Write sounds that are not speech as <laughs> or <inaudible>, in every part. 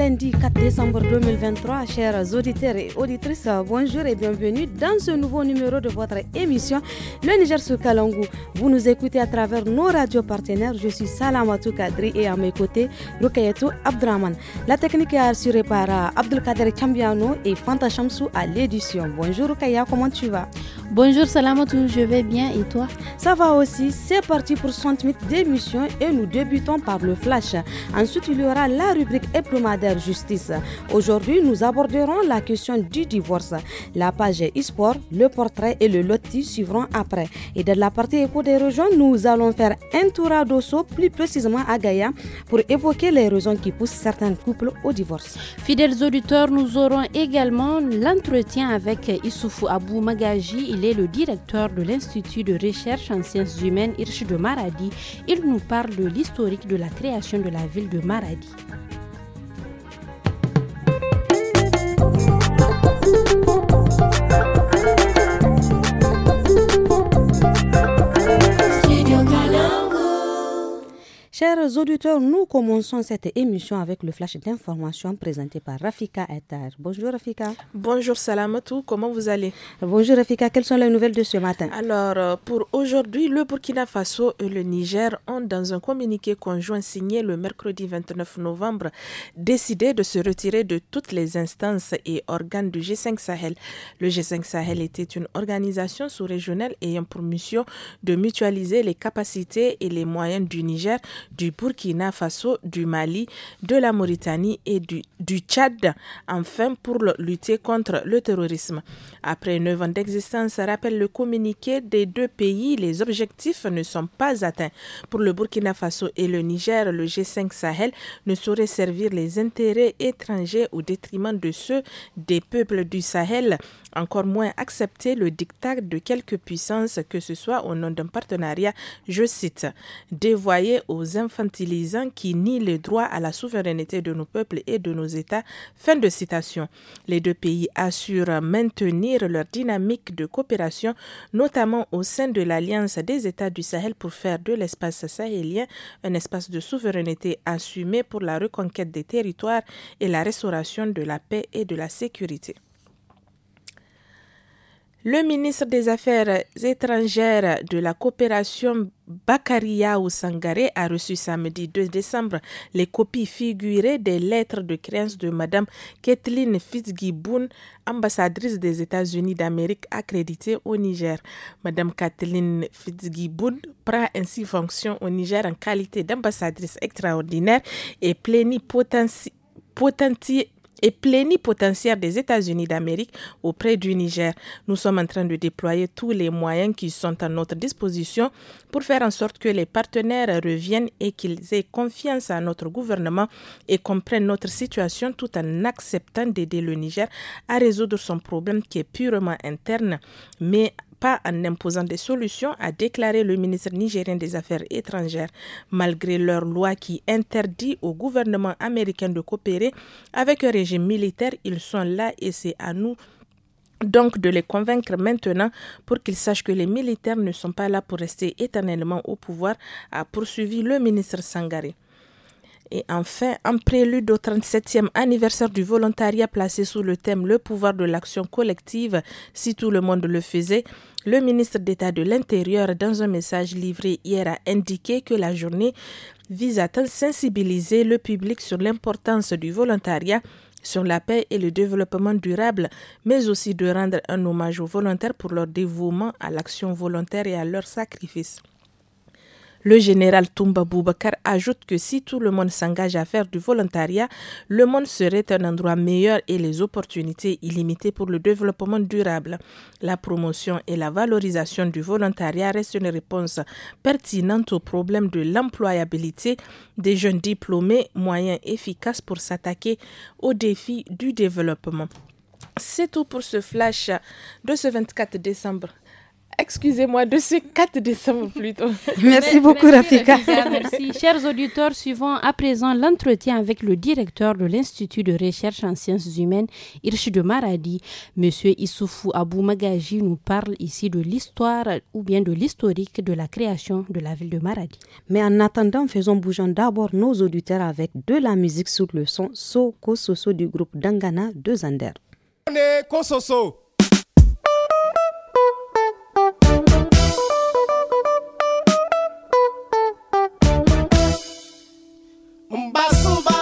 lundi 4 décembre 2023, chers auditeurs et auditrices, bonjour et bienvenue dans ce nouveau numéro de votre émission Le Niger sur Kalangou. Vous nous écoutez à travers nos radios partenaires. Je suis Salamatou Kadri et à mes côtés, Rukayatou Abdraman. La technique est assurée par Abdelkader Chambiano et Fanta Chamsou à l'édition. Bonjour Rukaya, comment tu vas? Bonjour Salamatou, je vais bien et toi Ça va aussi, c'est parti pour 60 minutes d'émission et nous débutons par le flash. Ensuite, il y aura la rubrique hebdomadaire justice. Aujourd'hui, nous aborderons la question du divorce. La page e-sport, le portrait et le loti suivront après. Et dans la partie éco des régions, nous allons faire un tour à Dosso, plus précisément à Gaïa, pour évoquer les raisons qui poussent certains couples au divorce. Fidèles auditeurs, nous aurons également l'entretien avec Issoufou Abou Magaji il est le directeur de l'Institut de recherche en sciences humaines Hirsch de Maradi. Il nous parle de l'historique de la création de la ville de Maradi. Chers auditeurs, nous commençons cette émission avec le flash d'information présenté par Rafika Etar. Bonjour Rafika. Bonjour Salamatou, comment vous allez Bonjour Rafika, quelles sont les nouvelles de ce matin Alors, euh, pour aujourd'hui, le Burkina Faso et le Niger ont, dans un communiqué conjoint signé le mercredi 29 novembre, décidé de se retirer de toutes les instances et organes du G5 Sahel. Le G5 Sahel était une organisation sous-régionale ayant pour mission de mutualiser les capacités et les moyens du Niger du Burkina Faso, du Mali, de la Mauritanie et du, Tchad, enfin pour lutter contre le terrorisme. Après neuf ans d'existence, rappelle le communiqué des deux pays, les objectifs ne sont pas atteints. Pour le Burkina Faso et le Niger, le G5 Sahel ne saurait servir les intérêts étrangers au détriment de ceux des peuples du Sahel encore moins accepter le dictat de quelques puissance que ce soit au nom d'un partenariat, je cite, dévoyé aux infantilisants qui nient les droits à la souveraineté de nos peuples et de nos États. Fin de citation. Les deux pays assurent maintenir leur dynamique de coopération, notamment au sein de l'Alliance des États du Sahel pour faire de l'espace sahélien un espace de souveraineté assumé pour la reconquête des territoires et la restauration de la paix et de la sécurité. Le ministre des Affaires étrangères de la coopération Bakaria Sangaré a reçu samedi 2 décembre les copies figurées des lettres de créance de Madame Kathleen Fitzgibbon, ambassadrice des États-Unis d'Amérique accréditée au Niger. Madame Kathleen Fitzgibbon prend ainsi fonction au Niger en qualité d'ambassadrice extraordinaire et plénipotentiaire et plénipotentiaire des États-Unis d'Amérique auprès du Niger. Nous sommes en train de déployer tous les moyens qui sont à notre disposition pour faire en sorte que les partenaires reviennent et qu'ils aient confiance à notre gouvernement et comprennent notre situation tout en acceptant d'aider le Niger à résoudre son problème qui est purement interne, mais pas en imposant des solutions, a déclaré le ministre nigérien des Affaires étrangères, malgré leur loi qui interdit au gouvernement américain de coopérer avec un régime militaire. Ils sont là et c'est à nous donc de les convaincre maintenant pour qu'ils sachent que les militaires ne sont pas là pour rester éternellement au pouvoir, a poursuivi le ministre Sangaré. Et enfin, en prélude au 37e anniversaire du volontariat placé sous le thème Le pouvoir de l'action collective, si tout le monde le faisait, le ministre d'État de l'Intérieur, dans un message livré hier, a indiqué que la journée vise à sensibiliser le public sur l'importance du volontariat sur la paix et le développement durable, mais aussi de rendre un hommage aux volontaires pour leur dévouement à l'action volontaire et à leur sacrifice. Le général Toumba Boubacar ajoute que si tout le monde s'engage à faire du volontariat, le monde serait un endroit meilleur et les opportunités illimitées pour le développement durable. La promotion et la valorisation du volontariat restent une réponse pertinente au problème de l'employabilité des jeunes diplômés, moyen efficace pour s'attaquer aux défis du développement. C'est tout pour ce flash de ce 24 décembre excusez-moi, de ce 4 décembre plutôt. <laughs> merci beaucoup, Rafika. Merci. <laughs> Chers auditeurs, suivons à présent l'entretien avec le directeur de l'Institut de recherche en sciences humaines, Hirsch de Maradi. Monsieur Issoufou Abou Magaji nous parle ici de l'histoire ou bien de l'historique de la création de la ville de Maradi. Mais en attendant, faisons bougeant d'abord nos auditeurs avec de la musique sous le son Soko Soso du groupe Dangana de Zander. On est macumba.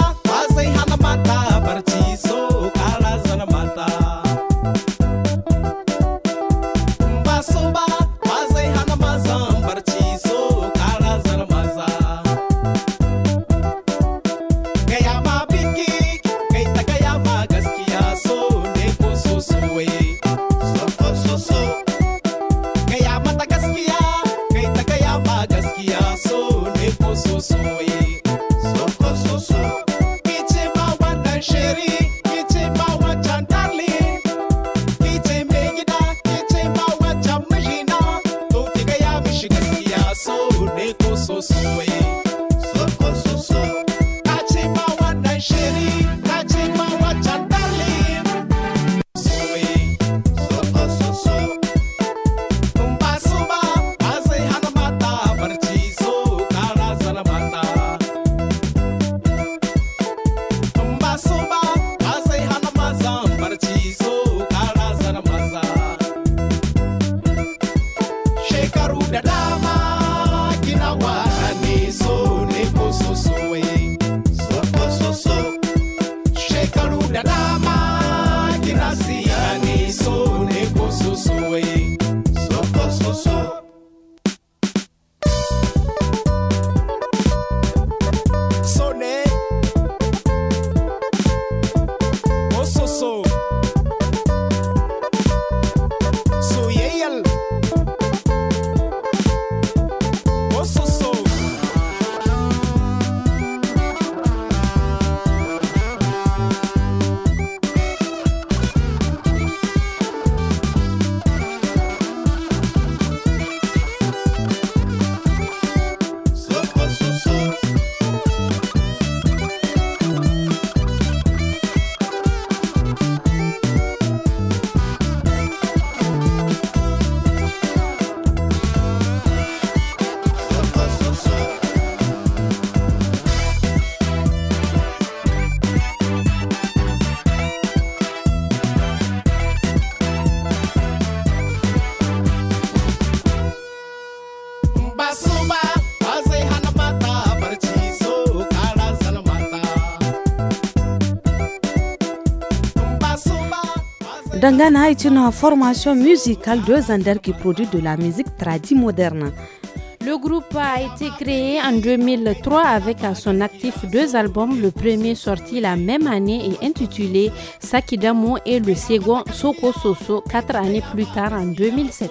Dangana est une formation musicale de Zander qui produit de la musique tradie moderne. Le groupe a été créé en 2003 avec à son actif deux albums. Le premier sorti la même année et intitulé Sakidamo et le second Soko Soso quatre années plus tard en 2007.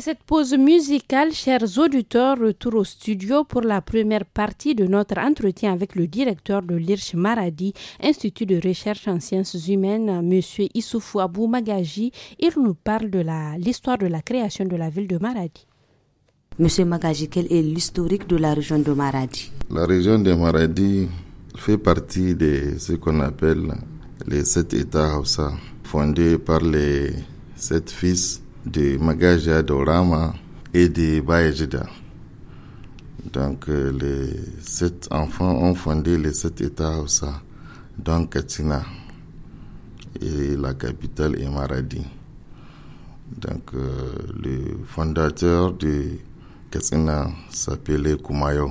cette pause musicale, chers auditeurs, retour au studio pour la première partie de notre entretien avec le directeur de l'IRCH Maradi, Institut de recherche en sciences humaines, M. Issoufou Abou Magaji. Il nous parle de l'histoire de la création de la ville de Maradi. Monsieur Magaji, quel est l'historique de la région de Maradi La région de Maradi fait partie de ce qu'on appelle les sept États Hausa, fondés par les sept fils de Magaja Dorama et de Bayajida. Donc euh, les sept enfants ont fondé les sept États ça. dont Katina et la capitale est Maradi. Donc euh, le fondateur de Katsina s'appelait Kumayo.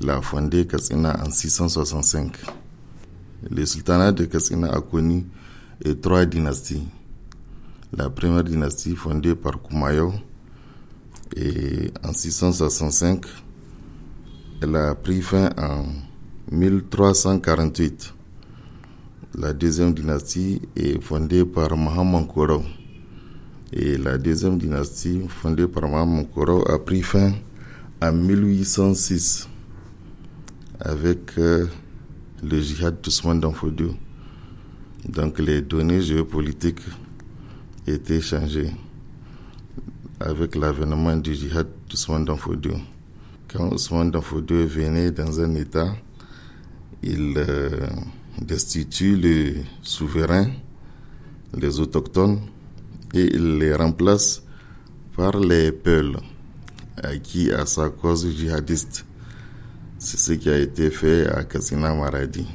Il a fondé Katsina en 665. Le sultanat de Katsina a connu trois dynasties la première dynastie fondée par Kumayo. Et en 665, elle a pris fin en 1348. La deuxième dynastie est fondée par Mahamankoro. Et la deuxième dynastie fondée par Mahamankoro a pris fin en 1806 avec euh, le jihad d'Ousmane d'Anfodou. Donc les données géopolitiques été changé avec l'avènement du djihad d'Ousmane Danfodou. Quand Ousmane est venait dans un État, il euh, destitue le souverain, les autochtones, et il les remplace par les Peuls, acquis à sa cause djihadiste. C'est ce qui a été fait à Kassina Maradi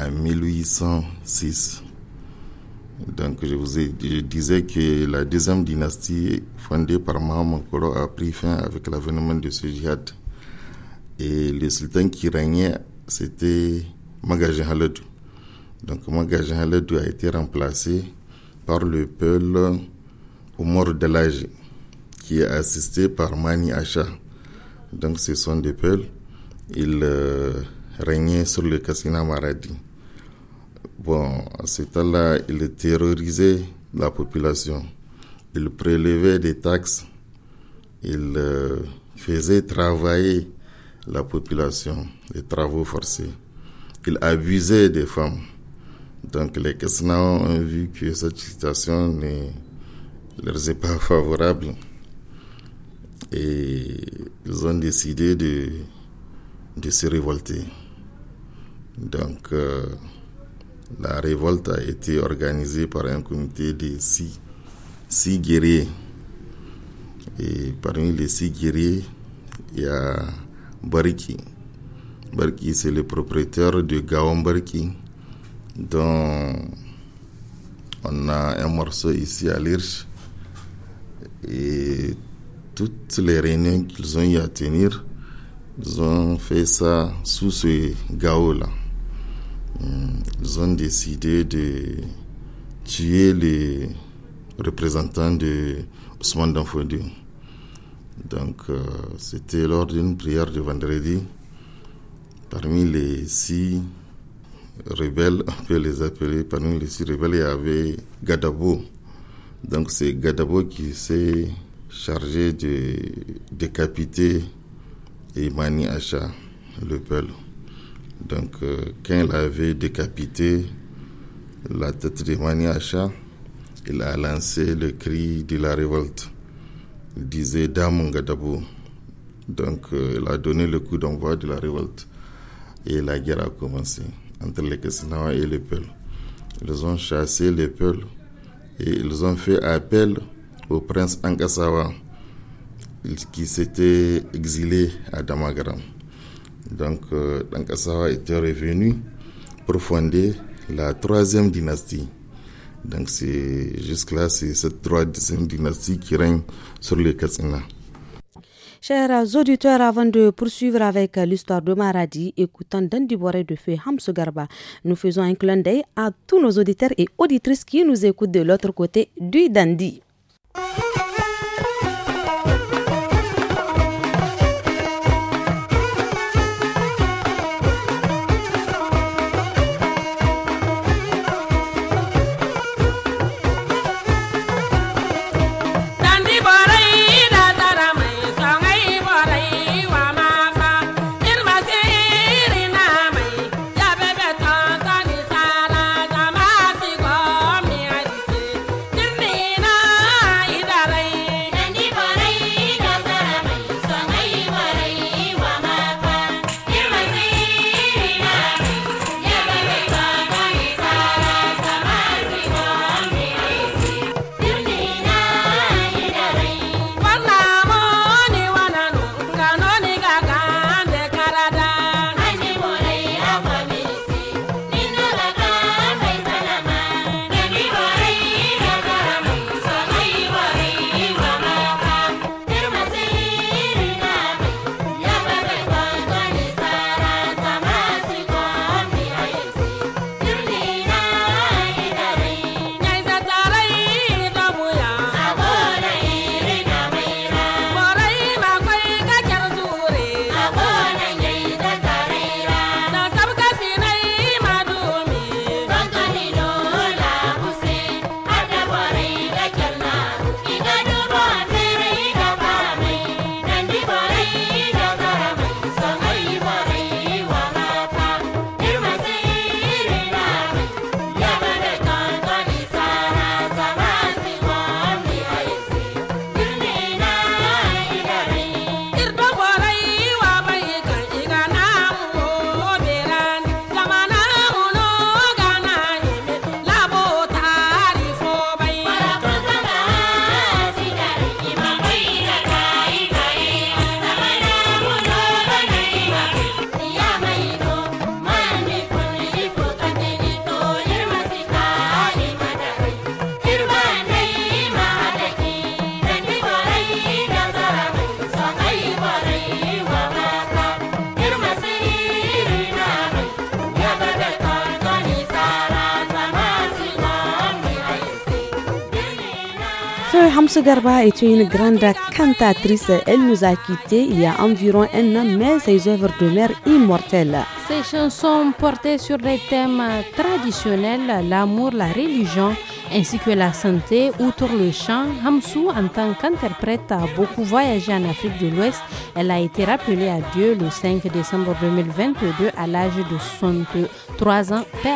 en 1806. Donc je vous je disais que la deuxième dynastie fondée par Mahomet a pris fin avec l'avènement de ce djihad. Et le sultan qui régnait, c'était Magajan Haledou. Donc Magajan Haledou a été remplacé par le peuple Omar Delage, qui est assisté par Mani Acha. Donc ce sont des peuples. Ils euh, régnaient sur le Kassina Maradi. Bon, à ce temps-là, il terrorisait la population. Il prélevait des taxes. Il euh, faisait travailler la population, les travaux forcés. Il abusait des femmes. Donc les Kessna ont vu que cette situation ne leur était pas favorable. Et ils ont décidé de, se révolter. Donc... Euh, la révolte a été organisée par un comité de six, guerriers. Et parmi les six guerriers, il y a Bariki. Bariki, c'est le propriétaire de Gaon Bariki, dont on a un morceau ici à l'Irche. Et toutes les réunions qu'ils ont eu à tenir, ils ont fait ça sous ce Gao-là ils ont décidé de tuer les représentants de Ousmane Danfondi. Donc, euh, c'était lors d'une prière de vendredi. Parmi les six rebelles, on peut les appeler, parmi les six rebelles, il y avait Gadabo. Donc, c'est Gadabo qui s'est chargé de décapiter Imani Acha, le peuple. Donc, euh, quand il avait décapité la tête de Maniacha, il a lancé le cri de la révolte. Il disait Damungadabu. Donc, euh, il a donné le coup d'envoi de la révolte. Et la guerre a commencé entre les Kesnawa et les Peuls. Ils ont chassé les Peuls et ils ont fait appel au prince Angasawa qui s'était exilé à Damagaram. Donc, Dankasawa euh, était revenu pour fonder la troisième dynastie. Donc, c'est jusque-là, c'est cette troisième dynastie qui règne sur le Katsina. Chers auditeurs, avant de poursuivre avec l'histoire de Maradi, écoutant Dandi de Feu Hamso Garba, nous faisons un clin d'œil à tous nos auditeurs et auditrices qui nous écoutent de l'autre côté du Dandi. Hamso Garba est une grande cantatrice. Elle nous a quittés il y a environ un an, mais ses œuvres demeurent immortelles. Ses chansons portées sur des thèmes traditionnels, l'amour, la religion, ainsi que la santé. Outre le chant, Hamsou, en tant qu'interprète, a beaucoup voyagé en Afrique de l'Ouest. Elle a été rappelée à Dieu le 5 décembre 2022 à l'âge de 63 ans. Paix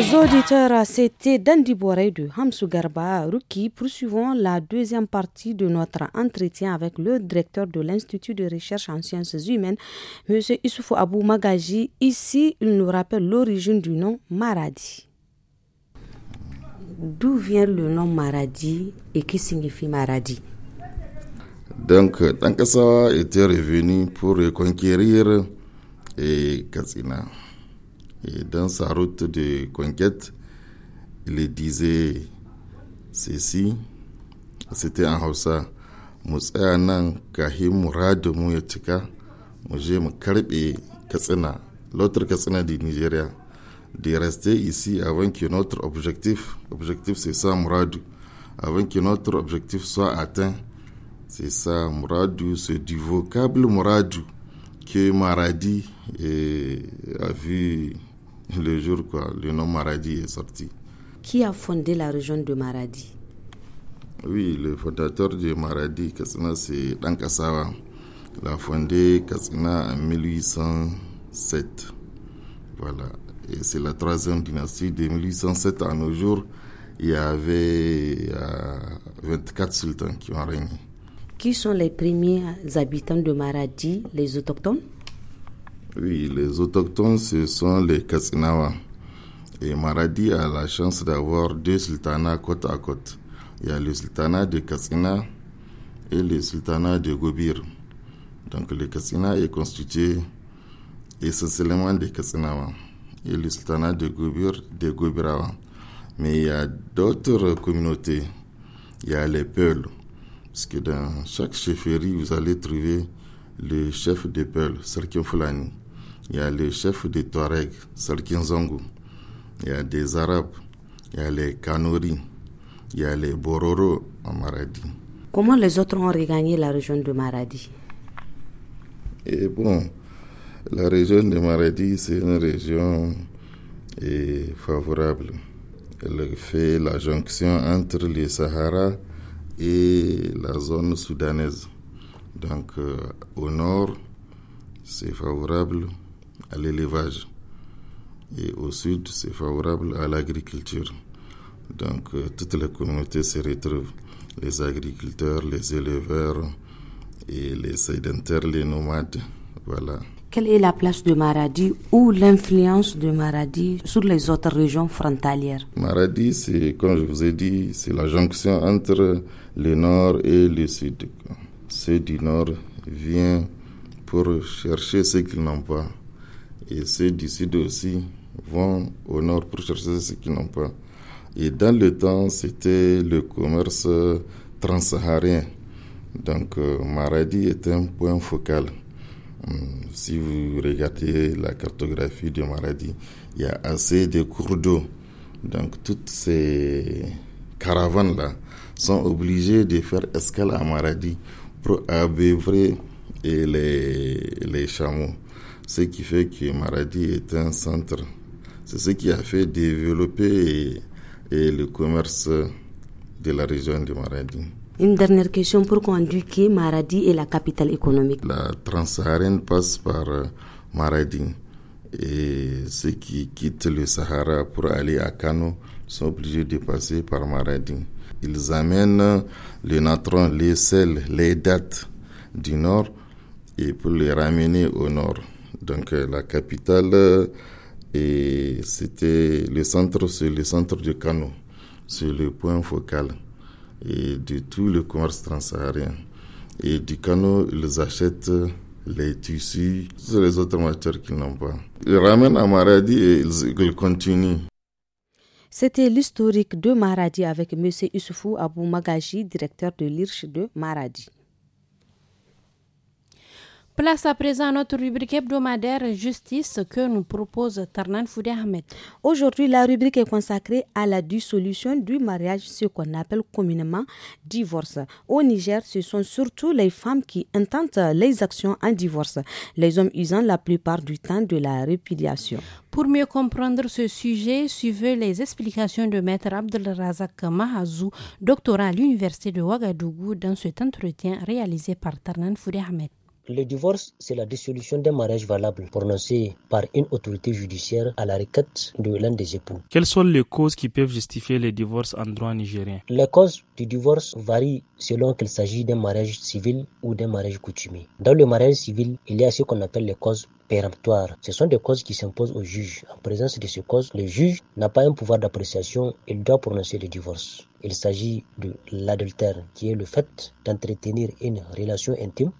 Chers auditeurs, c'était Dandy Boré de Hamsou Garba Ruki. Poursuivons la deuxième partie de notre entretien avec le directeur de l'Institut de recherche en sciences humaines, M. Issoufou Abou Magaji. Ici, il nous rappelle l'origine du nom Maradi. D'où vient le nom Maradi et qui signifie Maradi Donc, ça était revenu pour conquérir et Katsina. Et dans sa route de conquête, il disait ceci, c'était en Hausa, l'autre Kasena du Nigeria, de rester ici avant que notre objectif, objectif c'est ça Muradu, avant que notre objectif soit atteint, c'est ça Mouradou. c'est du vocable Muradu que Maradi eh, a vu <laughs> le jour quoi, le nom Maradi est sorti. Qui a fondé la région de Maradi Oui, le fondateur de Maradi, Kasina, c'est Dankasawa. Il a fondé Katsina en 1807. Voilà. Et c'est la troisième dynastie de 1807 à nos jours. Il y avait 24 euh, sultans qui ont régné. Qui sont les premiers habitants de Maradi, les autochtones oui, les autochtones, ce sont les Katsinawa. Et Maradi a la chance d'avoir deux sultanats côte à côte. Il y a le sultanat de Katsina et le sultanat de Gobir. Donc le Katsina est constitué essentiellement de Katsinawa et le sultanat de Gobir de Gobirawa. Mais il y a d'autres communautés. Il y a les Peuls, parce que dans chaque chefferie, vous allez trouver le chef des Peuls, Serkin Fulani il y a le chef des Touaregs, zongo, il y a des Arabes, il y a les Kanouris, il y a les Bororo en Maradi. Comment les autres ont regagné la région de Maradi Et bon, la région de Maradi, c'est une région favorable. Elle fait la jonction entre le Sahara et la zone soudanaise. Donc euh, au nord, c'est favorable à l'élevage. Et au sud, c'est favorable à l'agriculture. Donc toutes euh, toute communautés se retrouve. Les agriculteurs, les éleveurs et les sédentaires, les nomades. Voilà. Quelle est la place de Maradi ou l'influence de Maradi sur les autres régions frontalières Maradi, c'est, comme je vous ai dit, c'est la jonction entre le nord et le sud. Ceux du nord viennent pour chercher ce qu'ils n'ont pas. Et ceux du sud aussi vont au nord pour chercher ce qu'ils n'ont pas. Et dans le temps, c'était le commerce transsaharien. Donc euh, Maradi est un point focal. Hum, si vous regardez la cartographie de Maradi, il y a assez de cours d'eau. Donc toutes ces caravanes-là sont obligées de faire escale à Maradi pour abeuvrer les, les chameaux. Ce qui fait que Maradi est un centre. C'est ce qui a fait développer et, le commerce de la région de Maradi. Une dernière question, pour conduire Maradi est la capitale économique La transsaharienne passe par Maradi et ceux qui quittent le Sahara pour aller à Kano sont obligés de passer par Maradi. Ils amènent le natron, les sels, les dates du nord et pour les ramener au nord donc euh, la capitale, euh, et c'était le centre, c'est le centre du Kano, c'est le point focal et de tout le commerce transsaharien. Et du Kano, ils achètent euh, les tissus, tous les autres matières qu'ils n'ont pas. Ils ramènent à Maradi et ils, continuent. C'était l'historique de Maradi avec M. Issoufou Abou Magaji, directeur de l'IRCH de Maradi. Place à présent à notre rubrique hebdomadaire Justice que nous propose Tarnan Foudé Ahmed. Aujourd'hui, la rubrique est consacrée à la dissolution du mariage, ce qu'on appelle communément divorce. Au Niger, ce sont surtout les femmes qui intentent les actions en divorce, les hommes usant la plupart du temps de la répudiation. Pour mieux comprendre ce sujet, suivez les explications de Maître Abdelrazak Mahazou, doctorat à l'Université de Ouagadougou, dans cet entretien réalisé par Tarnan Foudé Ahmed. Le divorce, c'est la dissolution d'un mariage valable prononcé par une autorité judiciaire à la requête de l'un des époux. Quelles sont les causes qui peuvent justifier le divorce en droit nigérien Les causes du divorce varient selon qu'il s'agit d'un mariage civil ou d'un mariage coutumier. Dans le mariage civil, il y a ce qu'on appelle les causes péremptoires. Ce sont des causes qui s'imposent au juge. En présence de ces causes, le juge n'a pas un pouvoir d'appréciation, il doit prononcer le divorce. Il s'agit de l'adultère, qui est le fait d'entretenir une relation intime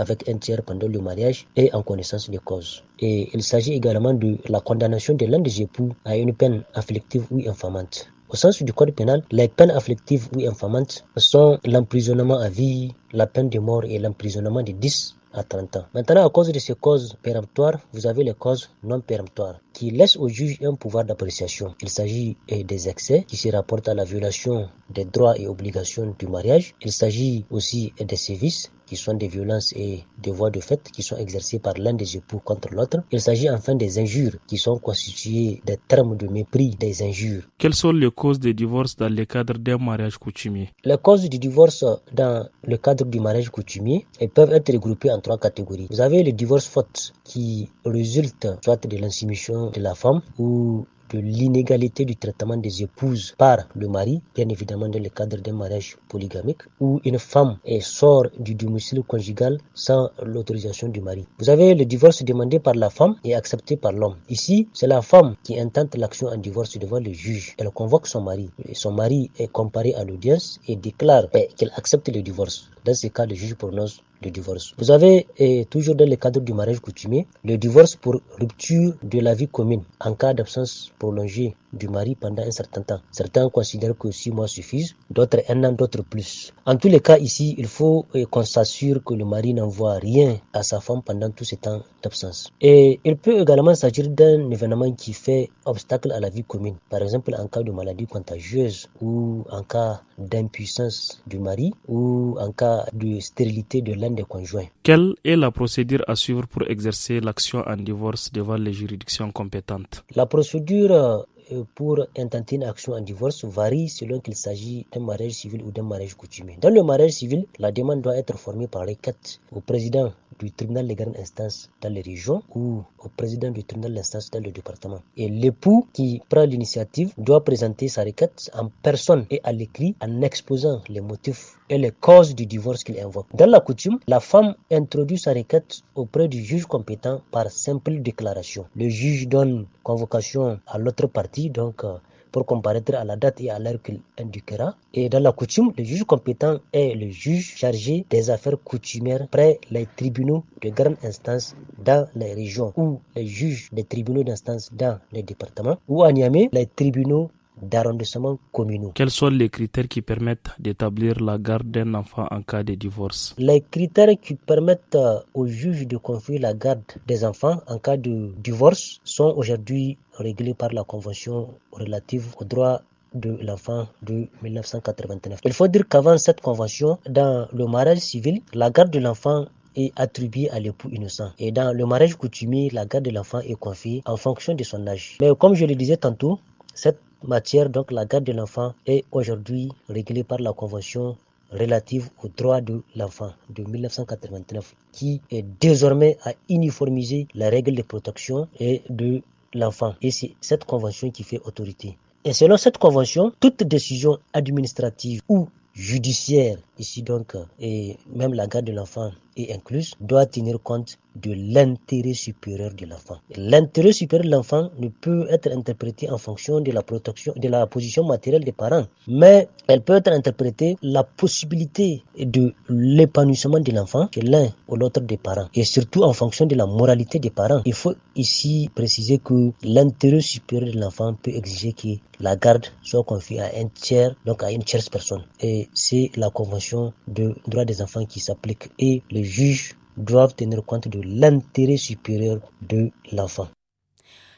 avec un tiers pendant le mariage et en connaissance des causes Et il s'agit également de la condamnation de l'un des époux à une peine afflictive ou infamante. Au sens du code pénal, les peines afflictives ou infamantes sont l'emprisonnement à vie, la peine de mort et l'emprisonnement de 10 à 30 ans. Maintenant, à cause de ces causes péremptoires, vous avez les causes non péremptoires qui laissent au juge un pouvoir d'appréciation. Il s'agit euh, des excès qui se rapportent à la violation des droits et obligations du mariage. Il s'agit aussi des sévices qui sont des violences et des voies de fait qui sont exercées par l'un des époux contre l'autre. Il s'agit enfin des injures qui sont constituées des termes de mépris, des injures. Quelles sont les causes des divorces dans le cadre d'un mariage coutumier Les causes du divorce dans le cadre du mariage coutumier peuvent être regroupées en trois catégories. Vous avez le divorce faute qui résulte soit de l'insoumission de la femme ou de l'inégalité du traitement des épouses par le mari, bien évidemment dans le cadre d'un mariage polygamique, où une femme sort du domicile conjugal sans l'autorisation du mari. Vous avez le divorce demandé par la femme et accepté par l'homme. Ici, c'est la femme qui intente l'action en divorce devant le juge. Elle convoque son mari. Son mari est comparé à l'audience et déclare eh, qu'elle accepte le divorce. Dans ces cas, le juge prononce le divorce. Vous avez eh, toujours dans le cadre du mariage coutumier le divorce pour rupture de la vie commune en cas d'absence prolongée du mari pendant un certain temps. Certains considèrent que six mois suffisent, d'autres un an, d'autres plus. En tous les cas, ici, il faut eh, qu'on s'assure que le mari n'envoie rien à sa femme pendant tout ce temps d'absence. Et il peut également s'agir d'un événement qui fait obstacle à la vie commune, par exemple en cas de maladie contagieuse ou en cas d'impuissance du mari ou en cas de stérilité de l'un des conjoints. Quelle est la procédure à suivre pour exercer l'action en divorce devant les juridictions compétentes La procédure pour intenter une action en divorce varie selon qu'il s'agit d'un mariage civil ou d'un mariage coutumier. Dans le mariage civil, la demande doit être formée par requête au président du tribunal de grande instance dans les régions ou au président du tribunal d'instance dans le département. Et l'époux qui prend l'initiative doit présenter sa requête en personne et à l'écrit en exposant les motifs et les causes du divorce qu'il invoque. Dans la coutume, la femme introduit sa requête auprès du juge compétent par simple déclaration. Le juge donne convocation à l'autre partie, donc euh, pour comparaître à la date et à l'heure qu'il indiquera. Et dans la coutume, le juge compétent est le juge chargé des affaires coutumières près les tribunaux de grande instance dans les régions ou les juges des tribunaux d'instance dans les départements ou à Niamey, les tribunaux d'arrondissement communaux. Quels sont les critères qui permettent d'établir la garde d'un enfant en cas de divorce Les critères qui permettent euh, au juge de confier la garde des enfants en cas de divorce sont aujourd'hui réglés par la Convention relative aux droits de l'enfant de 1989. Il faut dire qu'avant cette convention, dans le mariage civil, la garde de l'enfant est attribuée à l'époux innocent. Et dans le mariage coutumier, la garde de l'enfant est confiée en fonction de son âge. Mais comme je le disais tantôt, cette matière, donc la garde de l'enfant est aujourd'hui réglée par la Convention relative aux droits de l'enfant de 1989 qui est désormais à uniformiser la règle de protection et de l'enfant. Et c'est cette convention qui fait autorité. Et selon cette convention, toute décision administrative ou judiciaire, ici donc, et même la garde de l'enfant et incluse, doit tenir compte de l'intérêt supérieur de l'enfant. L'intérêt supérieur de l'enfant ne peut être interprété en fonction de la protection, de la position matérielle des parents, mais elle peut être interprétée la possibilité de l'épanouissement de l'enfant que l'un ou l'autre des parents, et surtout en fonction de la moralité des parents. Il faut ici préciser que l'intérêt supérieur de l'enfant peut exiger que la garde soit confiée à un tiers, donc à une tierce personne. Et c'est la convention de droits des enfants qui s'applique et les juges doivent tenir compte de l'intérêt supérieur de l'enfant.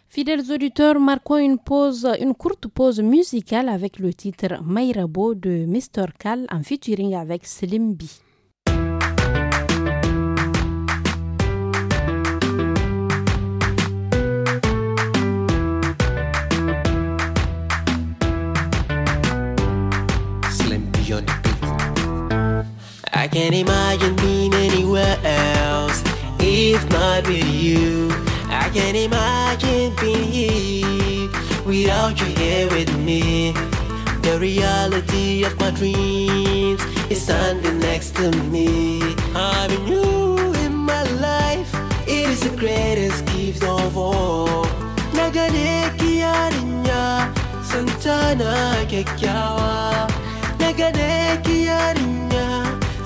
Fidèles auditeurs, marquons une pause, une courte pause musicale avec le titre Mayrabo de Mr. Cal en featuring avec Slim B. I can't imagine me else if not with you. I can't imagine being here without you here with me. The reality of my dreams is standing next to me. Having you in my life, it is the greatest gift of all. Naganeki arinya, Santana kekyawa. Naganeki arinya.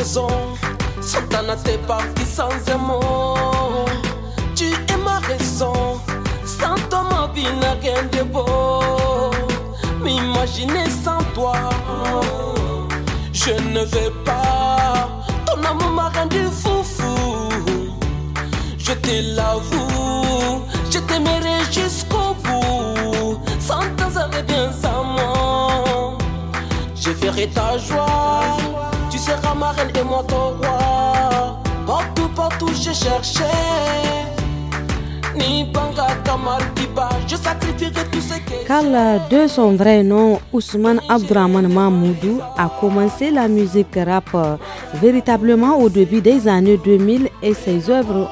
raison. Satan a tes parties sans amour. Tu es ma raison. Sans toi, ma vie n'a rien de beau. M'imaginer sans toi, je ne vais pas. Ton amour m'a rendu fou fou. Je te l'avoue, je t'aimerai jusqu'au bout. Sans toi, ça bien sans moi. Je ferai ta joie. Car et de son vrai nom, Ousmane Abdraman Mahmoudou, a commencé la musique rap véritablement au début des années 2000 et ses œuvres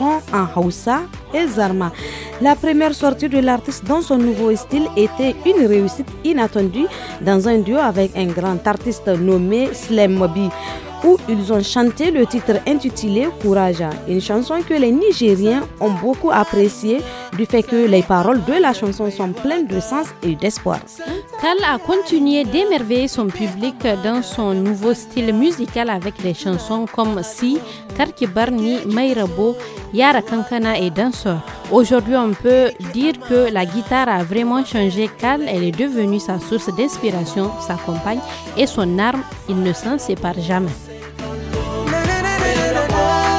en Hausa et Zarma. La première sortie de l'artiste dans son nouveau style était une réussite inattendue dans un duo avec un grand artiste nommé Slim Mobi où ils ont chanté le titre intitulé Courage, une chanson que les Nigériens ont beaucoup appréciée du fait que les paroles de la chanson sont pleines de sens et d'espoir. Karl a continué d'émerveiller son public dans son nouveau style musical avec des chansons comme Si, Karki Barni, Mayrabo, Yara Kankana et Danseur. Aujourd'hui, on peut dire que la guitare a vraiment changé Elle est devenue sa source d'inspiration, sa compagne et son arme. Il ne s'en sépare jamais. high.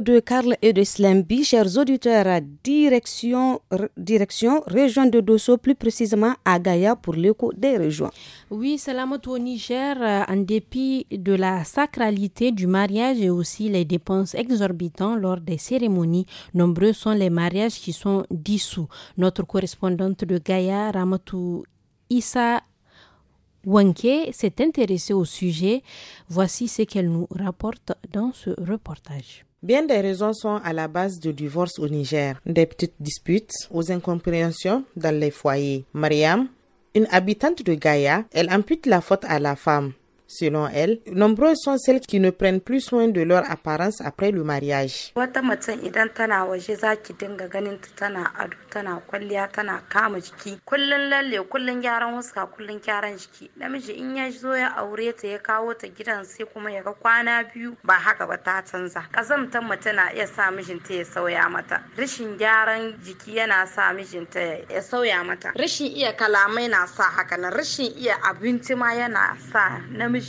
de Karl et de Slimby, chers auditeurs, à direction, direction région de Dosso, plus précisément à Gaïa pour l'écho des régions. Oui, moto au Niger, euh, en dépit de la sacralité du mariage et aussi les dépenses exorbitantes lors des cérémonies, nombreux sont les mariages qui sont dissous. Notre correspondante de Gaïa, Ramatou Issa Wanke s'est intéressée au sujet. Voici ce qu'elle nous rapporte dans ce reportage. Bien des raisons sont à la base du divorce au Niger, des petites disputes aux incompréhensions dans les foyers. Mariam, une habitante de Gaïa, elle impute la faute à la femme Selon elle, nombreuses sont celles qui ne prennent plus soin de leur apparence après le mariage. Wata mace idan tana waje za ki dinga ganin ta tana ado, tana kwalliya, tana kama jiki. Kullum lalle, kullum gyaran huska, kullun gyaran jiki. Namiji in ya zo ya aure ta ya kawo ta gidan sai kuma ya ga kwana biyu ba haka ba ta canza. Kazamtan mace na iya sa mijinta ya sauya mata. Rashin gyaran jiki yana sa mijinta ya sauya mata. Rashin iya kalamai na sa haka nan. Rashin iya abinci ma yana sa namiji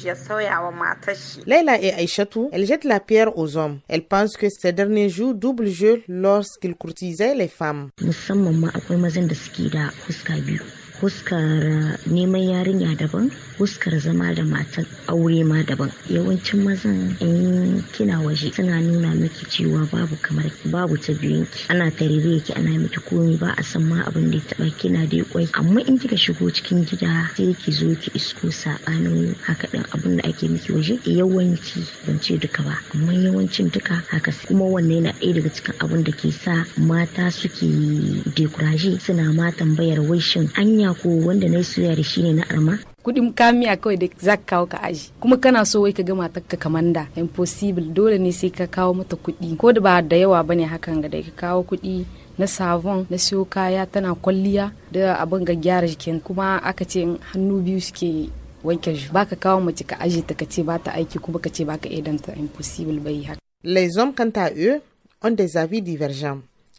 Leila et Aishatu, elles jettent la pierre aux hommes. Elles pensent que ces derniers jours double jeu lorsqu'ils courtisaient les femmes. huskar neman yarinya daban huskar zama da matan aure ma daban yawancin mazan in kina waje suna nuna miki cewa babu kamar babu ta biyunki Ana ana tarire ki ana miki komi ba a san ma abin da ya taba kina dai kwai amma in kika shigo cikin gida sai ki zo ki isko sabanin haka dan abin da ake miki waje yawanci ban ce duka ba amma yawancin duka haka kuma wannan yana ɗaya daga cikin abin da ke sa mata suke dekuraje suna ma tambayar wai shin anya ko wanda na soya da shi ne na arma kudin kamiya kawai da za ka kawo ka aji kuma kana so wai ka gama takka kamanda impossible dole ne sai ka kawo mata kudi ko da ba da yawa bane hakan ga da ka kawo kudi na savon na siyo kaya tana kwalliya da abin ga gyara jikin kuma aka ce hannu biyu suke wanke shi baka kawo mace ka aji ta kace ba ta aiki kuma kace baka edanta impossible bai haka les hommes quant à eux ont des avis divergents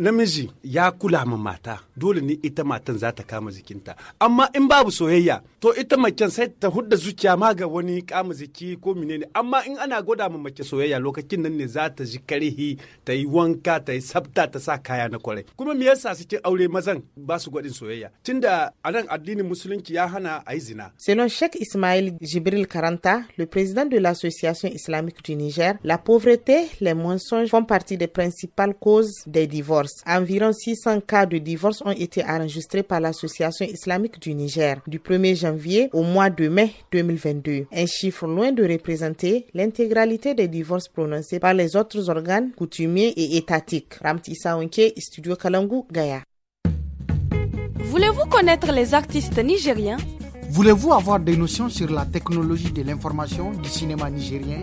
namiji ya kula ma mata dole ne ita matan za ta kama jikinta amma in babu soyayya to ita mace sai ta hudda zuciya ma ga wani kama jiki ko menene amma in ana gwada ma mace soyayya lokacin nan ne za ta ji karhi ta yi wanka ta yi sabta ta sa kaya na kwarai kuma me yasa suke aure mazan ba su gwadin soyayya tunda a nan addinin musulunci ya hana a yi zina selon Sheikh Ismail Jibril Karanta le président de l'association islamique du Niger la pauvreté les mensonges font partie des principales causes des divorces Environ 600 cas de divorce ont été enregistrés par l'Association islamique du Niger du 1er janvier au mois de mai 2022. Un chiffre loin de représenter l'intégralité des divorces prononcés par les autres organes coutumiers et étatiques. Ramtissa Onke, Studio Kalangu, Gaya. Voulez-vous connaître les artistes nigériens Voulez-vous avoir des notions sur la technologie de l'information du cinéma nigérien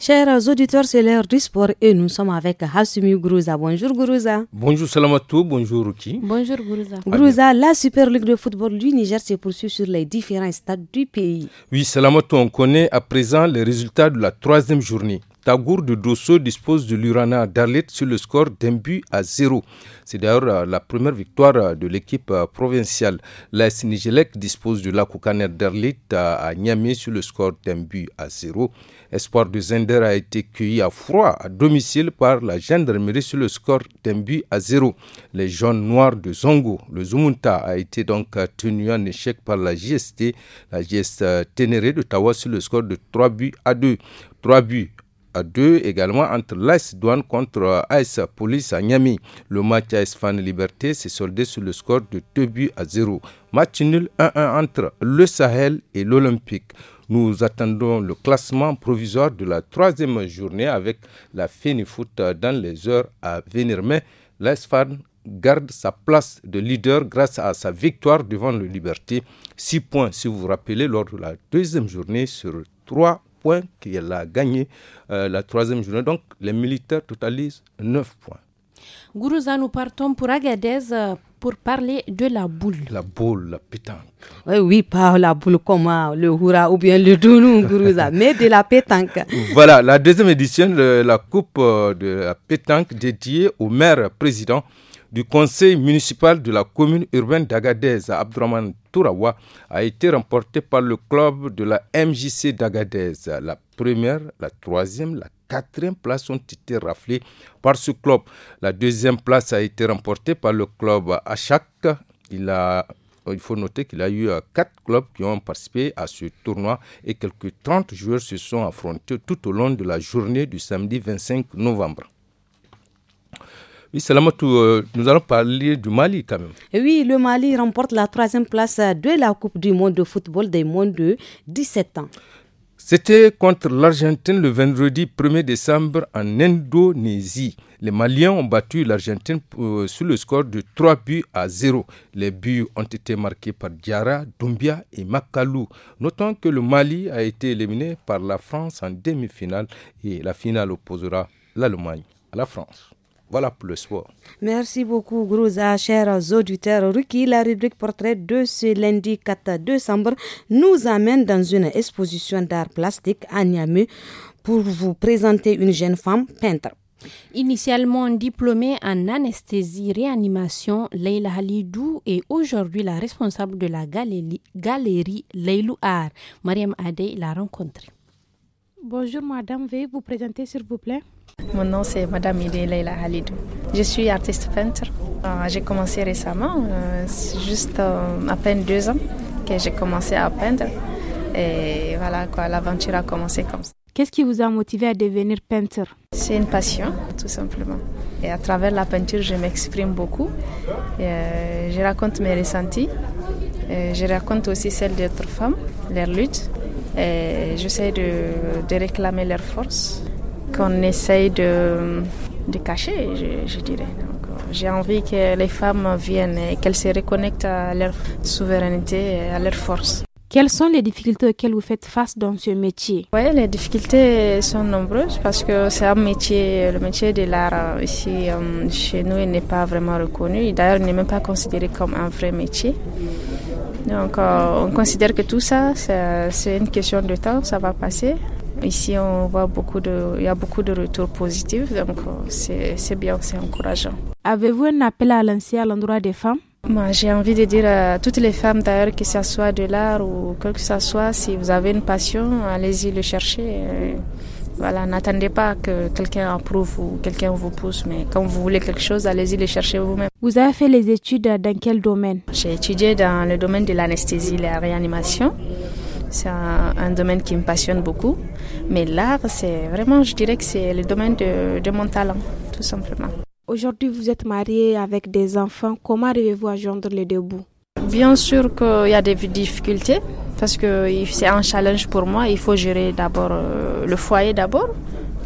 Chers auditeurs, c'est l'heure du sport et nous sommes avec Hassumi Grouza. Bonjour Grouza. Bonjour Salamatou, bonjour Ruki. Bonjour Grouza. Grouza, la Super Ligue de football du Niger se poursuit sur les différents stades du pays. Oui, Salamatou, on connaît à présent les résultats de la troisième journée. Tagour de Dosso dispose de l'Urana Darlit sur le score d'un but à zéro. C'est d'ailleurs euh, la première victoire euh, de l'équipe euh, provinciale. la Nigelec dispose de l'Akoukaner d'Arlit à Niamey sur le score d'un but à zéro. Espoir de Zender a été cueilli à froid à domicile par la gendarmerie sur le score d'un but à zéro. Les jaunes noirs de Zongo, le Zumunta, a été donc tenu en échec par la GST, la GST Ténéré de Tawa sur le score de 3 buts à 2. 3 buts à 2 également entre l'AS Douane contre AS Police à Niami. Le match AS Fan Liberté s'est soldé sur le score de 2 buts à 0. Match nul 1-1 entre le Sahel et l'Olympique. Nous attendons le classement provisoire de la troisième journée avec la Foot dans les heures à venir. Mais l'AS Fan garde sa place de leader grâce à sa victoire devant le Liberté. 6 points, si vous vous rappelez, lors de la deuxième journée sur 3 points qu'elle a gagné euh, la troisième journée. Donc les militaires totalisent 9 points. Gourouza, nous partons pour Agadez euh, pour parler de la boule. La boule, la pétanque. Oui, pas la boule comme euh, le ou bien le dounou, Gourouza, <laughs> mais de la pétanque. Voilà, la deuxième édition de la Coupe de la pétanque dédiée au maire président du conseil municipal de la commune urbaine d'Agadez à Abdraman Tourawa a été remporté par le club de la MJC d'Agadez. La première, la troisième, la quatrième place ont été raflées par ce club. La deuxième place a été remportée par le club Achak. Il a il faut noter qu'il y a eu euh, quatre clubs qui ont participé à ce tournoi et quelques 30 joueurs se sont affrontés tout au long de la journée du samedi 25 novembre. Oui, Salamatou, euh, nous allons parler du Mali quand même. oui, le Mali remporte la troisième place de la Coupe du monde de football des mondes de 17 ans. C'était contre l'Argentine le vendredi 1er décembre en Indonésie. Les Maliens ont battu l'Argentine euh, sur le score de 3 buts à 0. Les buts ont été marqués par Diara, Doumbia et Makalou. Notons que le Mali a été éliminé par la France en demi-finale et la finale opposera l'Allemagne à la France. Voilà pour le soir. Merci beaucoup, Grouza, chers auditeurs. Ruki, la rubrique portrait de ce lundi 4 décembre nous amène dans une exposition d'art plastique à Niamey pour vous présenter une jeune femme peintre. Initialement diplômée en anesthésie réanimation, Leila Halidou est aujourd'hui la responsable de la galerie, galerie Leilou Art. Mariam Adey l'a rencontrée. Bonjour madame, veuillez vous présenter s'il vous plaît. Mon nom c'est Madame Idé Leila Halidou. Je suis artiste peintre. Euh, j'ai commencé récemment, euh, juste euh, à peine deux ans que j'ai commencé à peindre. Et voilà l'aventure a commencé comme ça. Qu'est-ce qui vous a motivé à devenir peintre C'est une passion, tout simplement. Et à travers la peinture, je m'exprime beaucoup. je raconte mes ressentis. je raconte aussi celles d'autres femmes, leurs luttes. Et j'essaie de, de réclamer leur force qu'on essaye de, de cacher, je, je dirais. J'ai envie que les femmes viennent et qu'elles se reconnectent à leur souveraineté et à leur force. Quelles sont les difficultés auxquelles vous faites face dans ce métier Oui, les difficultés sont nombreuses parce que c'est un métier, le métier de l'art euh, ici euh, chez nous, il n'est pas vraiment reconnu. D'ailleurs, il n'est même pas considéré comme un vrai métier. Donc, euh, on considère que tout ça, c'est une question de temps, ça va passer. Ici, on voit beaucoup de, il y a beaucoup de retours positifs, donc euh, c'est bien, c'est encourageant. Avez-vous un appel à lancer à l'endroit des femmes moi, j'ai envie de dire à toutes les femmes d'ailleurs, que ce soit de l'art ou quel que ce soit, si vous avez une passion, allez-y le chercher. Voilà, n'attendez pas que quelqu'un approuve ou quelqu'un vous pousse, mais quand vous voulez quelque chose, allez-y le chercher vous-même. Vous avez fait les études dans quel domaine J'ai étudié dans le domaine de l'anesthésie et la réanimation. C'est un, domaine qui me passionne beaucoup. Mais l'art, c'est vraiment, je dirais que c'est le domaine de, mon talent, tout simplement. Aujourd'hui, vous êtes mariée avec des enfants. Comment arrivez-vous à joindre les deux bouts Bien sûr qu'il y a des difficultés parce que c'est un challenge pour moi. Il faut gérer d'abord euh, le foyer, d'abord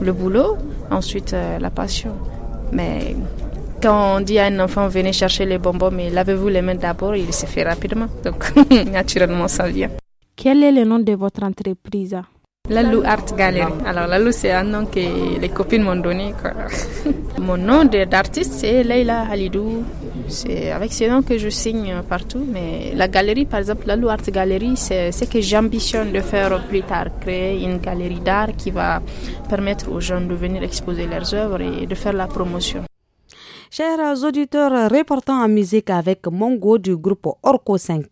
le boulot, ensuite euh, la passion. Mais quand on dit à un enfant venez chercher les bonbons, mais lavez-vous les mains d'abord, il se fait rapidement. Donc <laughs> naturellement ça vient. Quel est le nom de votre entreprise Lou Art Gallery. Alors Lou c'est un nom que les copines m'ont donné. <laughs> Mon nom d'artiste, c'est Leila Halidou. C'est avec ce nom que je signe partout. Mais la galerie, par exemple, Lou Art Gallery, c'est ce que j'ambitionne de faire plus tard. Créer une galerie d'art qui va permettre aux gens de venir exposer leurs œuvres et de faire la promotion. Chers auditeurs, reportons en musique avec Mongo du groupe Orco 5.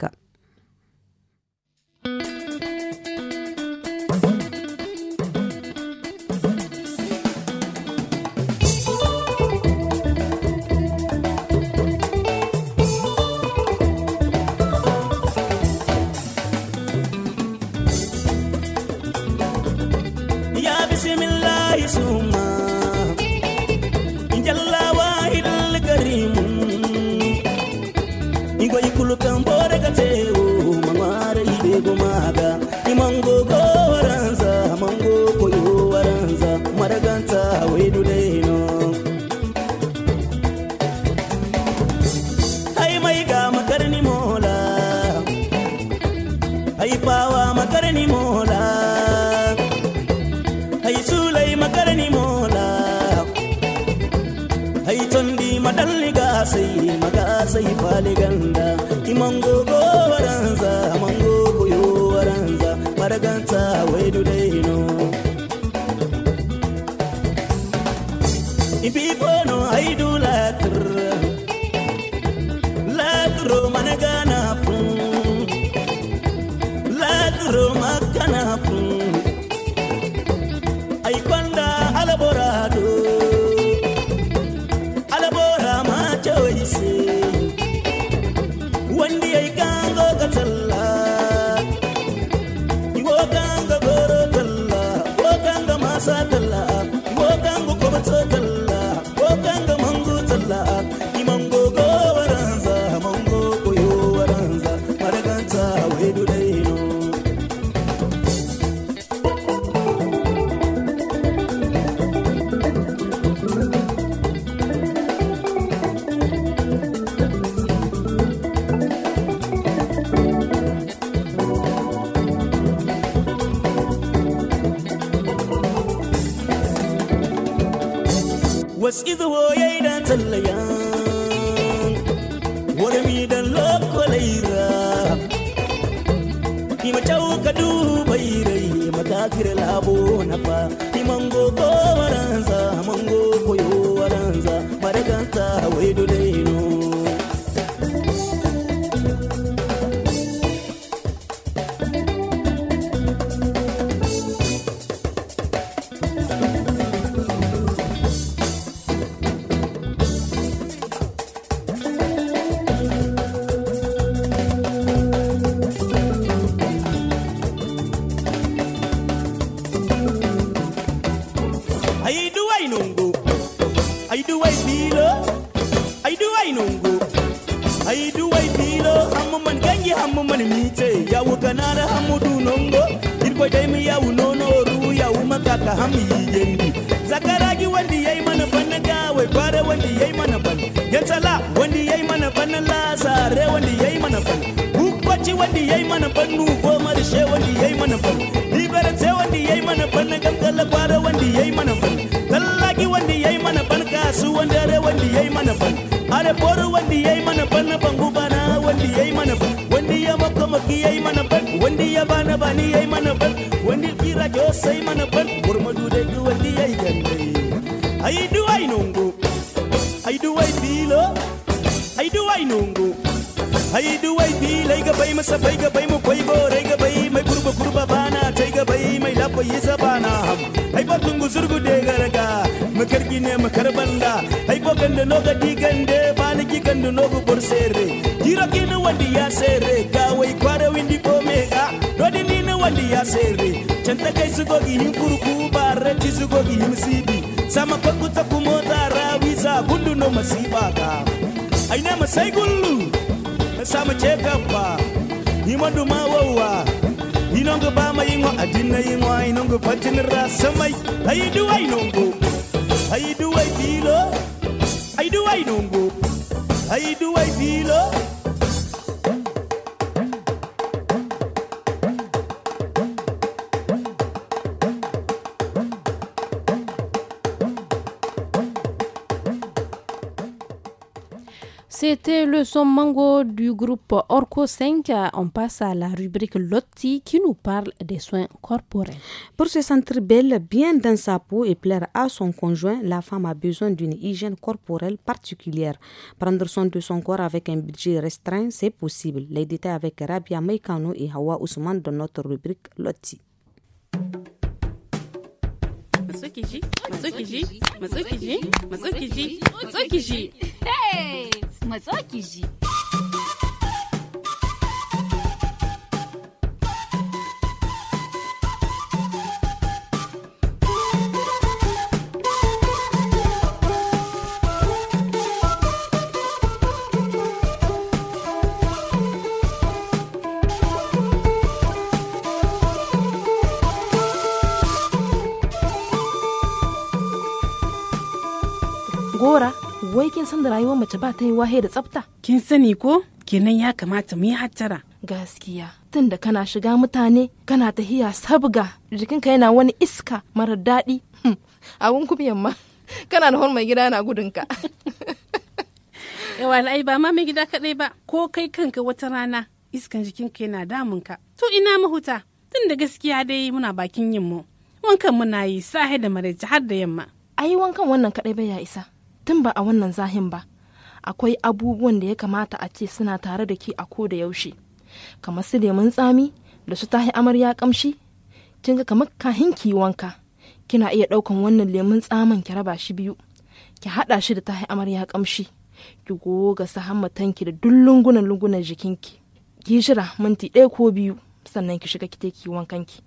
తల్లి గాసై మగాసై పాలిగంగా da hami yendi zakaragi wanda yayi mana banna gawai bare wanda yayi mana banna yansala wanda yayi mana banna lazare wanda yayi mana banna bukwaci wanda yayi mana bannu ko marshe wanda yayi mana banna libere sai wanda yayi mana banna gamgala bare wanda yayi mana banna tallaki wanda yayi mana banna kasu wanda re wanda yayi mana banna are boru wanda yayi mana banna bangu bana wanda yayi mana banna wanda ya makamaki yayi mana banna wanda ya bana bani yayi mana banna wanda kira jo sai mana banna ai duwai bi lai ga bai masa bai ga bai mu kwai bo rai ga bai mai kurba kurba bana tai ga bai mai lafa yi zabana ham ai ba tungu zurgu de garaga makar gine makar banda ai bo ganda no ga digande bani ki ganda no gu bor sere hiro kinu wandi ya sere ga wai kwara windi bo mega dodi ni na wandi ya sere canta kai su gogi hin kurku bare ci su gogi hin sibi sama kwakuta kumota rawiza gundu no masiba ga ai na gullu samu chekapa yimo duma wowa inongo bama yingo adina yingo inongo patinra samai ai duwa inongo ai duwa bilo ai duwa inongo ai duwa C'était le son mango du groupe Orco 5. On passe à la rubrique Lotti qui nous parle des soins corporels. Pour se sentir belle, bien dans sa peau et plaire à son conjoint, la femme a besoin d'une hygiène corporelle particulière. Prendre soin de son corps avec un budget restreint, c'est possible. Les avec Rabia Meikano et Hawa Ousmane dans notre rubrique Lotti. Mas olha que giro! wai kin san da rayuwar mace ba ta yi wahe da tsafta kin sani ko kenan ya kamata mu yi hattara gaskiya tun da kana shiga mutane kana tahiya sabga jikinka yana wani iska mara daɗi hmm. abun kuma yamma kana da hormon gida na gudunka yawa ai ba ma mai gida kaɗai ba ko kai kanka wata rana iskan jikinka yana damunka to ina mahuta tun da gaskiya dai muna bakin yin mu wankan muna yi sahi da mara har da yamma ai wankan wannan kaɗai bai ya isa tun ba a wannan zahin ba akwai abubuwan da ya kamata a ce suna tare da ki a ko da yaushe kamar su lemun tsami da su tahi amarya kamshi kin ga kamar kahin ki wanka kina iya ɗaukan wannan lemun tsaman ki raba shi biyu ki haɗa shi da tahi amarya kamshi ki goga hammatanki da duk lungunan lungunan jikinki ki jira minti ɗaya ko biyu sannan ki shiga kite ki wankanki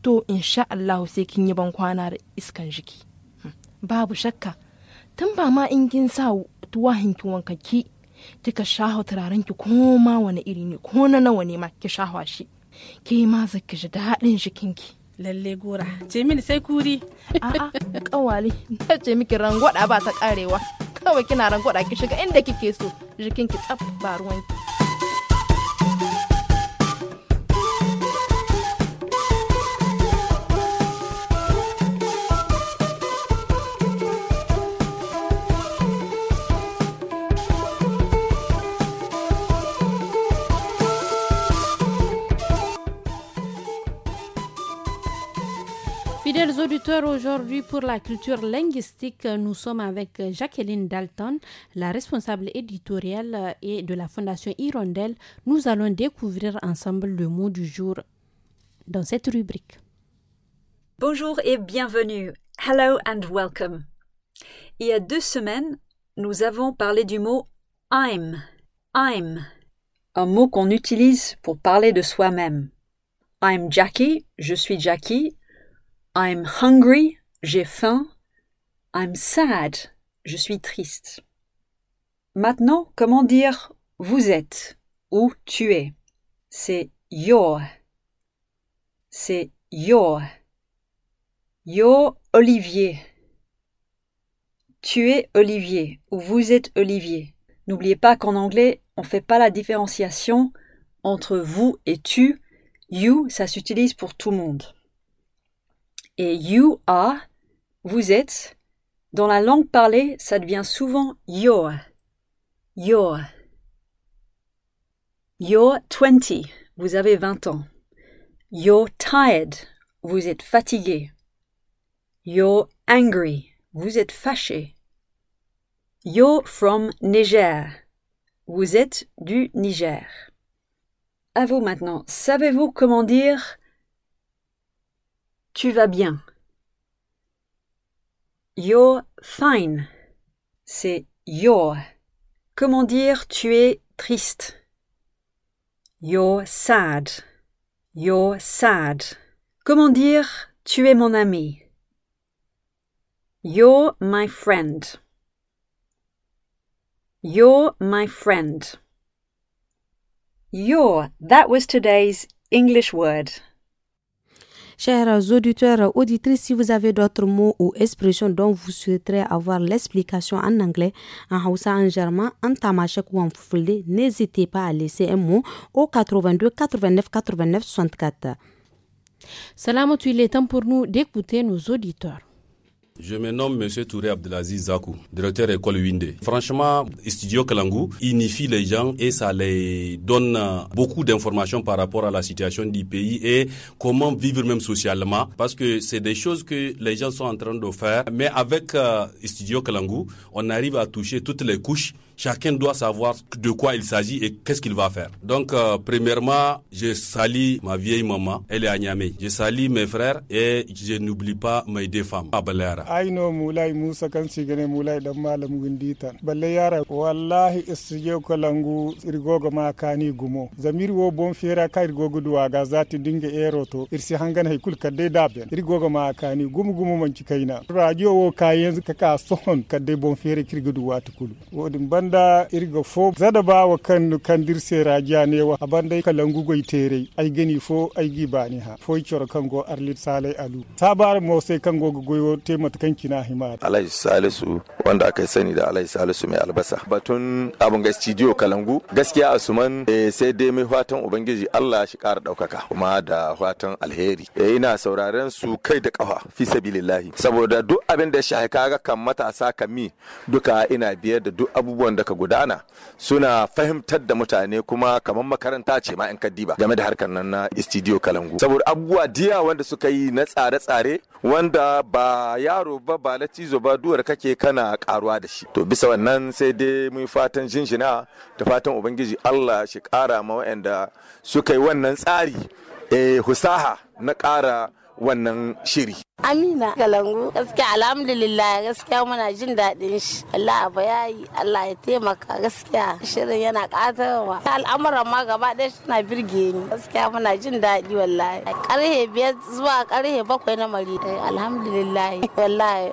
to insha Allah sai kin yi ban kwana da iskan jiki hmm. babu shakka tun ba ma in kin sa tuwahin ki wankaki kika shaho turaren ki ko ma wani iri ne ko na nawa ne ma ki shaho shi ke ma zaki ji daɗin jikin ki lalle gora ce mini sai kuri a'a kawale na ce miki rangwada ba ta karewa kawai kina rangwada ki shiga inda kike so jikin ki tsaf ba ruwan ki aujourd'hui pour la culture linguistique, nous sommes avec Jacqueline Dalton, la responsable éditoriale et de la Fondation Hirondelle. Nous allons découvrir ensemble le mot du jour dans cette rubrique. Bonjour et bienvenue. Hello and welcome. Il y a deux semaines, nous avons parlé du mot I'm. I'm. Un mot qu'on utilise pour parler de soi-même. I'm Jackie, je suis Jackie, I'm hungry, j'ai faim. I'm sad, je suis triste. Maintenant, comment dire vous êtes ou tu es C'est your. C'est your. Yo Olivier. Tu es Olivier ou vous êtes Olivier. N'oubliez pas qu'en anglais, on ne fait pas la différenciation entre vous et tu. You, ça s'utilise pour tout le monde. Et you are, vous êtes, dans la langue parlée, ça devient souvent your. Your. You're 20, vous avez 20 ans. You're tired, vous êtes fatigué. You're angry, vous êtes fâché. You're from Niger, vous êtes du Niger. À vous maintenant, savez-vous comment dire tu vas bien. You're fine. C'est your Comment dire tu es triste? You're sad. You're sad. Comment dire tu es mon ami? You're my friend. You're my friend. You're, that was today's English word. Chers auditeurs, auditrices, si vous avez d'autres mots ou expressions dont vous souhaiterez avoir l'explication en anglais, en haussa, en german, en tamashek ou en fulde, n'hésitez pas à laisser un mot au 82 89 89 64. Salam, il est temps pour nous d'écouter nos auditeurs. Je me nomme Monsieur Touré Abdelaziz Zakou, directeur école Windé. Franchement, Studio Kalangu unifie les gens et ça les donne beaucoup d'informations par rapport à la situation du pays et comment vivre même socialement parce que c'est des choses que les gens sont en train de faire. Mais avec euh, Studio Kalangu, on arrive à toucher toutes les couches chacun doit savoir de quoi il s'agit et qu'est-ce qu'il va faire. Donc, euh, premièrement, je salue ma vieille maman, elle est à Niamey. Je salue mes frères et je n'oublie pas mes deux femmes à ah, Balayara. Aïno Moulay Moussa Kansigene Moulay Damalam Winditan. Balayara, Wallahi Estudio Kolangu, Irgogo Makani Gumo. Zamir wo bon fiera ka Irgogo Duaga, Zati Dinge Eroto, Irsi Hangan Haikul Kade Dabian, Irgogo Makani, Gumu Gumu Manchikaina. Radio wo Kayen Kaka Sohon Kade Bon Fiere Kirgudu Watukulu. Wodim Ban banda irga fo zada ba wa kan dirse rajiya ne wa ka kalangu goi tere ai gani fo ay bani ha fo kan go arlit sale alu sabar mo sai kango goyo te mat kan kina hima alai salisu wanda aka sani da alai salisu mai albasa batun abun ga studio kalangu gaskiya asuman eh, sai dai mai fatan ubangiji Allah shi kara daukaka kuma da fatan alheri eh, ina sauraren su kai da kafa fi sabilillahi saboda duk abin da shi kaga kan matasa kan mi duka ina biyar da duk abubuwan da ka gudana suna fahimtar da mutane kuma kamar makaranta ce ma in kaddiba game da harkar nan na studio kalangu saboda abubuwa diya wanda suka yi na tsare-tsare wanda ba yaro ba ba latizo ba duwar kake kana karuwa da shi to bisa wannan sai dai mun fatan jinjina da fatan ubangiji Allah shi kara ma wa'anda suka yi wannan tsari eh husaha na kara wannan shiri. Amina Galangu gaskiya alhamdulillah gaskiya muna jin daɗin shi Allah abu yi. Allah ya taimaka gaskiya shirin yana ƙatarwa al'amuran ma gaba ɗaya suna birge ni gaskiya muna jin daɗi wallahi karhe biyar zuwa karhe bakwai na mari eh, alhamdulillah wallahi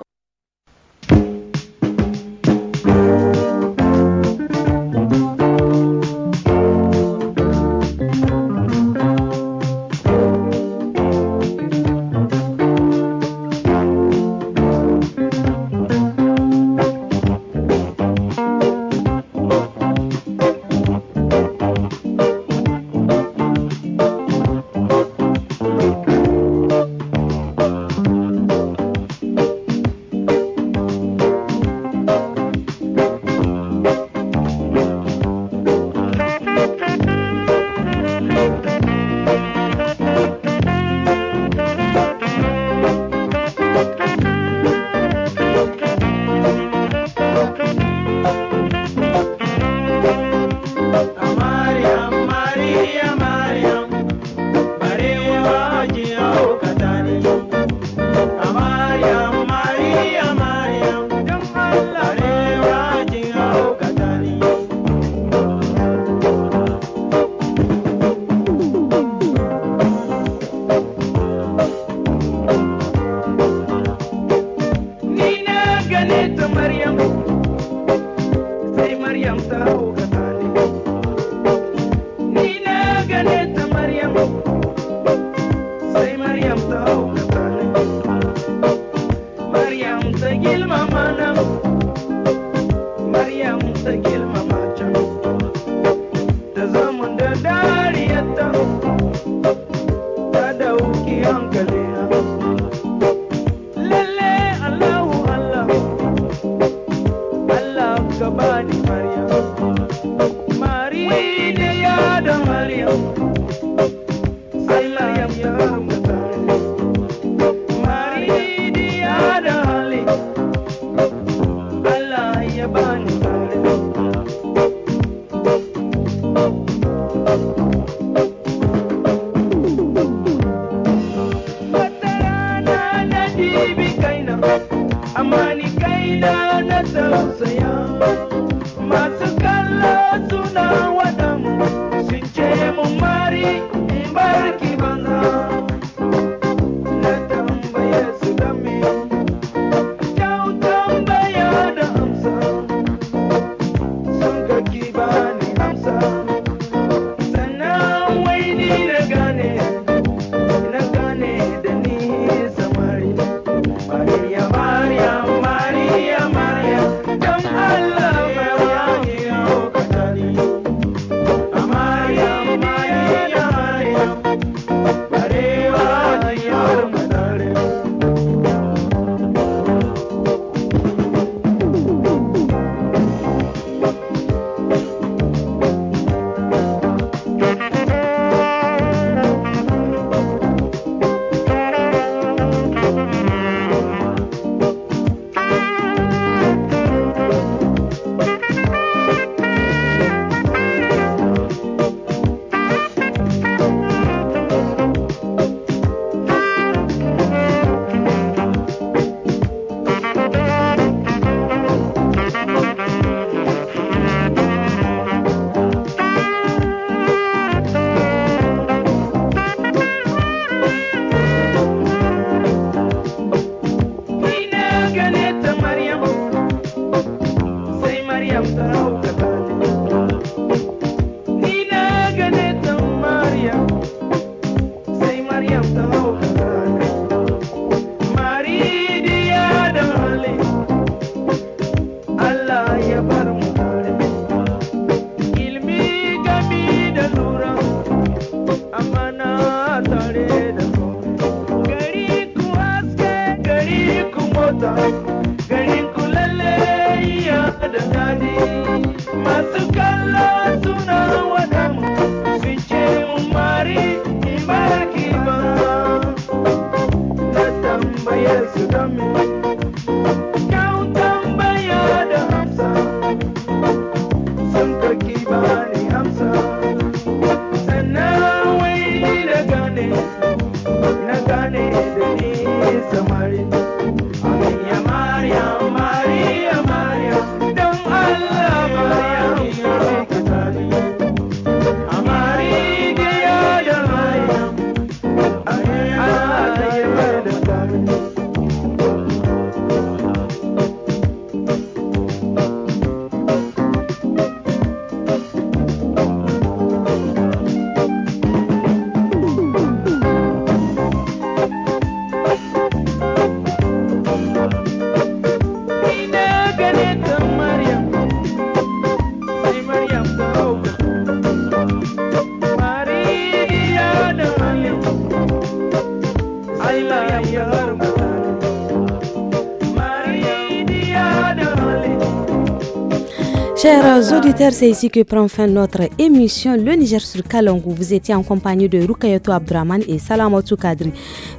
auditeurs, c'est ici que prend fin notre émission Le Niger sur Kalongo. Vous étiez en compagnie de Rukayoto Abdraman et Salamotou Kadri.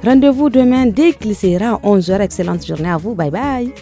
Rendez-vous demain dès qu'il sera 11h. Excellente journée à vous. Bye bye.